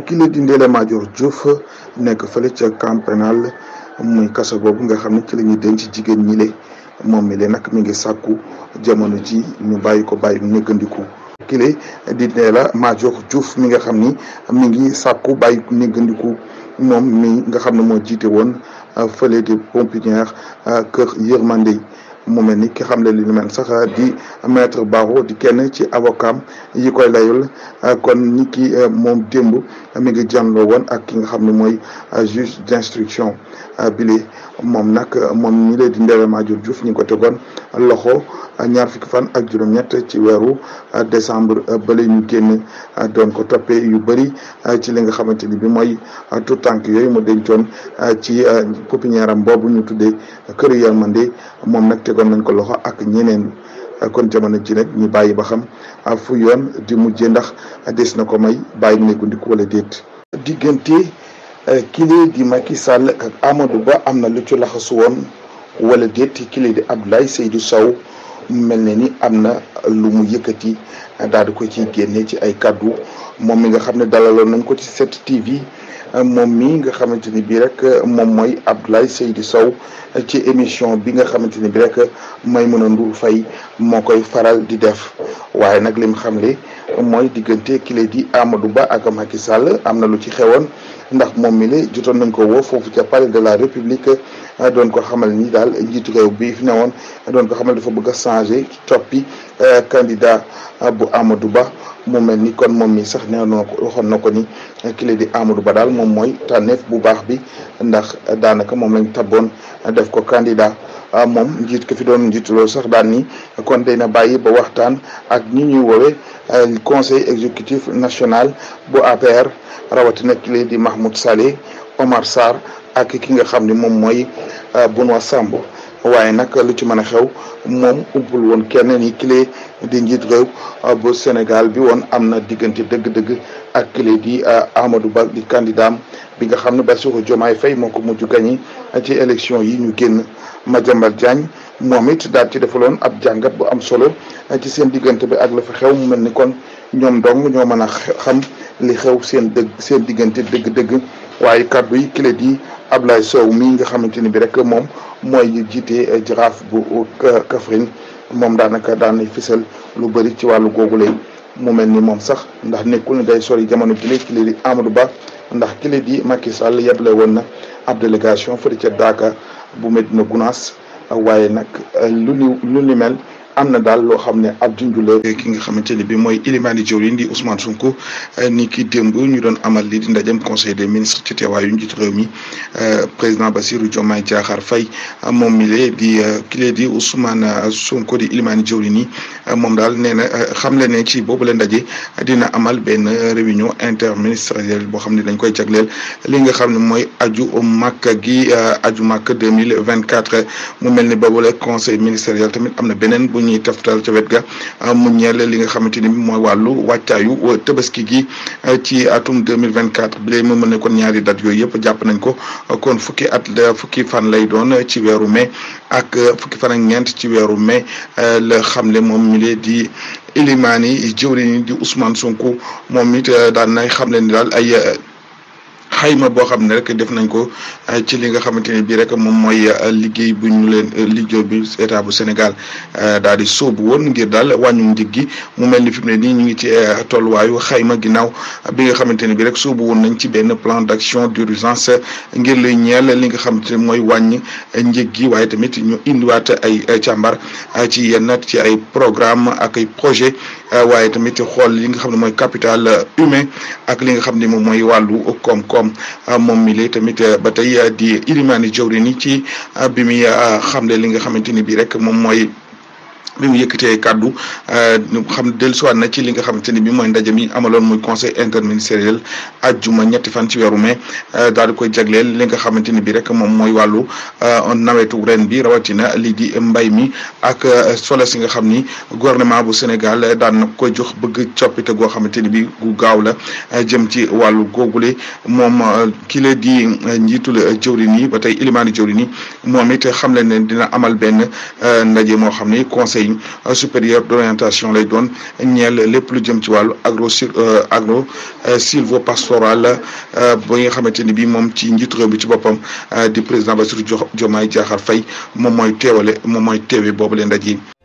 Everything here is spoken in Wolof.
kii la di Ndella Madior Diouf nekk fële ca camp pénal muy kaso boobu nga xam ne ci la ñuy denc jigéen ñi le moom mi le nag mi ngi sàkku jamono ji ñu bàyyi ko bàyyi néggandiku kile di Ndella Madior Diouf mi nga xam ni mi ngi sàkku bàyyi néggandiku moom mi nga xam ne moo jiite woon fële di Pompinière kër Yërmande moom mel ni ki xamle li ñu mel sax ah, di maître Barreau di kenn ci avocat yi koy layul ah, kon ni ki eh, moom démb mi ngi janloo woon ak ki nga xam ne mooy ah, juge d'instruction Ah, bile moom nag moom ñi lee di Ndella Madior Diouf ñu ngi ko tegoon loxo ah, ñaar fukki fan ak juróom-ñett ci weeru ah, décembre bale ñu génn doon ko toppee yu bari ci li nga xamante ni bi mooy tout tànk yooyu mu dencoon ci pépinière am boobu ñu tuddee këru yërmande moom nag tegoon nañ ko loxo ak ñeneen kon jamono ji nag ñu bàyyi ba xam fu yoon di mujjee ndax des na ko may bàyyi néegundiku wala déet diggante Euh, kile di Macky Sall ak Amadou Ba am na lu ci laxasu woon wala déet kile di Abdoulaye Seydou Sow mel ne ni am na lu mu yëkkati daal ko ciy génne ci ay kàddu moom mi nga xam ne dalaloon nañ ko ci 7TV moom mi nga xamante ni bii rek moom mooy Abdoulaye Seydou Sow ci émission bi nga xamante ni bii rek Maimouna Ndour fay moo koy faral di def waaye nag lim xamle mooy diggante kile di amadu Ba ak Macky Sall am na lu ci xewoon. ndax moom mi li jotoon nañ ko wo foofu ca palais de la république ah, doon ko xamal ni daal njiitu réew bi fi ne woon ah, doon ko xamal dafa bëgg a changer coppi kandida eh, ah, bu Amadou Ba mu mel ni kon moom mi sax nee na ko waxoon na ko ni kile Ba daal moom mooy tànneef bu baax bi ndax daanaka moom lañ taboon def ko kandida Ah, moom njiit ko fi doon njiit loolu sax daan ni kon day na bàyyi ba waxtaan ak ñi ñuy woowe eh, conseil exécutif national bu APR rawatina ki lay di Mahmoud Saleh Omar Sarr ak ki nga xam ne moom mooy eh, Benoît sambo waaye nag lu ci mën a xew moom umpul woon kenn ni clé di njiit réew ah, bu Sénégal bi woon am na diggante dëgg-dëgg ak clé di ah, Amadou Ba di candidat bi nga xam ne Bassirou Diomaye Faye moo ko mujj gagné ci élection yi ñu génn Madiambal Diagne moom it daal ci defaloon ab jàngat bu am solo ci seen diggante bi ak la fa xew mu mel ni kon ñoom dong ñoo mën a xam li xew seen dëgg seen diggante dëgg-dëgg waaye kàddu yi clé di Ablaye Sow mii nga xamante ni bi rek moom mooy jiite jaraaf bu Kaffrine moom daanaka daan fisal lu bëri ci wàllu googu lay mu mel ni moom sax ndax nekkul na day yi jamono jile kii di Amadou Ba ndax kii di Macky Sall yeble woon na ab délégation fële ca Daaka bu Medina Gounass waaye nag lu ni lu ni mel. am na daal loo xam ne ab junj la ki nga xamante ne bi mooy ilimaani jëwriñ di Ousmane Sonko eh, ni ki démb ñu doon amal li di ndajem conseil des ministre ci teewaayu njiitu réew mi eh, président Bassirou Diomaye Diakhar Faye moom mi lee eh, ki kile di Ousmane Sonko di ilimaani jëwriñ yi moom daal nee na xam le ne ci boobu la ndaje dina amal benn réunion interministérielle boo xam ne dañ koy jagleel li nga xam ne mooy aju màkk gi aju màkk deux mille vingt quatre mu mel ni boobu la conseil ministériel tamit am na beneen bu loolu ñuy taftal ca wet ga mu ñeel li nga xamante ni mooy wàllu wàccaayu euh, tabaski gi euh, ci atum mille vingt lay ma moom ne kon ñaari date yooyu yëpp jàpp nañ ko kon fukki at euh, fukki fan lay doon ci weeru mai ak fukki fan a ñeent ci weeru mai la xam xamle moom mi lee di ilimaani jëwriñ di Ousmane Sonko moom it daal na xam leen daal ay xayma boo xam ne rek def nañ ko euh, ci li nga xamante ne bii rek moom mooy euh, liggéey bu ñu leen euh, liggéey bi état bu Sénégal daal di sóobu woon ngir daal wàññum njëg gi mu mel ni fi mu ne nii ñu ngi ci tolluwaayu xayma ginnaaw bi nga xamante ne bii rek sóobu woon nañ ci benn plan d'action d'urgence ngir luy ñeel li nga xamante ne mooy wàññi njëg gi waaye tamit ñu indiwaat ay càmbar ci yenn ci ay programme ak ay projet waaye tamit ci xool li nga xam ne mooy capital humain ak li nga xam ne moom mooy wàllu koom Euh, moom mi lay tamit euh, ba tey euh, di ilimaani jawri ni ci bi muy xamle li nga xamante ni bii rek moom mooy mi mu yëkkatee kàddu euh, xam dellusiwaat na ci li nga xamante ni bi mooy ndaje mi amaloon muy conseil interministériel ajjuma ñetti fan ci weeru mai euh, daal di koy jagleel li nga xamante ni bi rek moom mooy wàllu euh, nawetu ren bi rawatina lii mbay mi ak solo si nga xam ni gouvernement bu Sénégal daan na koy jox bëgg coppite goo xamante ni bi gu gaaw la jëm ci wàllu googule moom ki la di njiitul jëwrin yi ba tey ilimaani jëwrin ni moom it xam leen ne dina amal benn ndaje moo xam ni conseil enseigne supérieure d'orientation lay doon ñeel lépp lu jëm ci wàllu agro euh, agro euh, sylvopastoral euh, ba nga xamante ni bi moom ci njiit réew bi ci boppam di président ba Bassirou Diomaye Diakhar fay moom mooy teewale moom mooy teewe boobu leen ndaje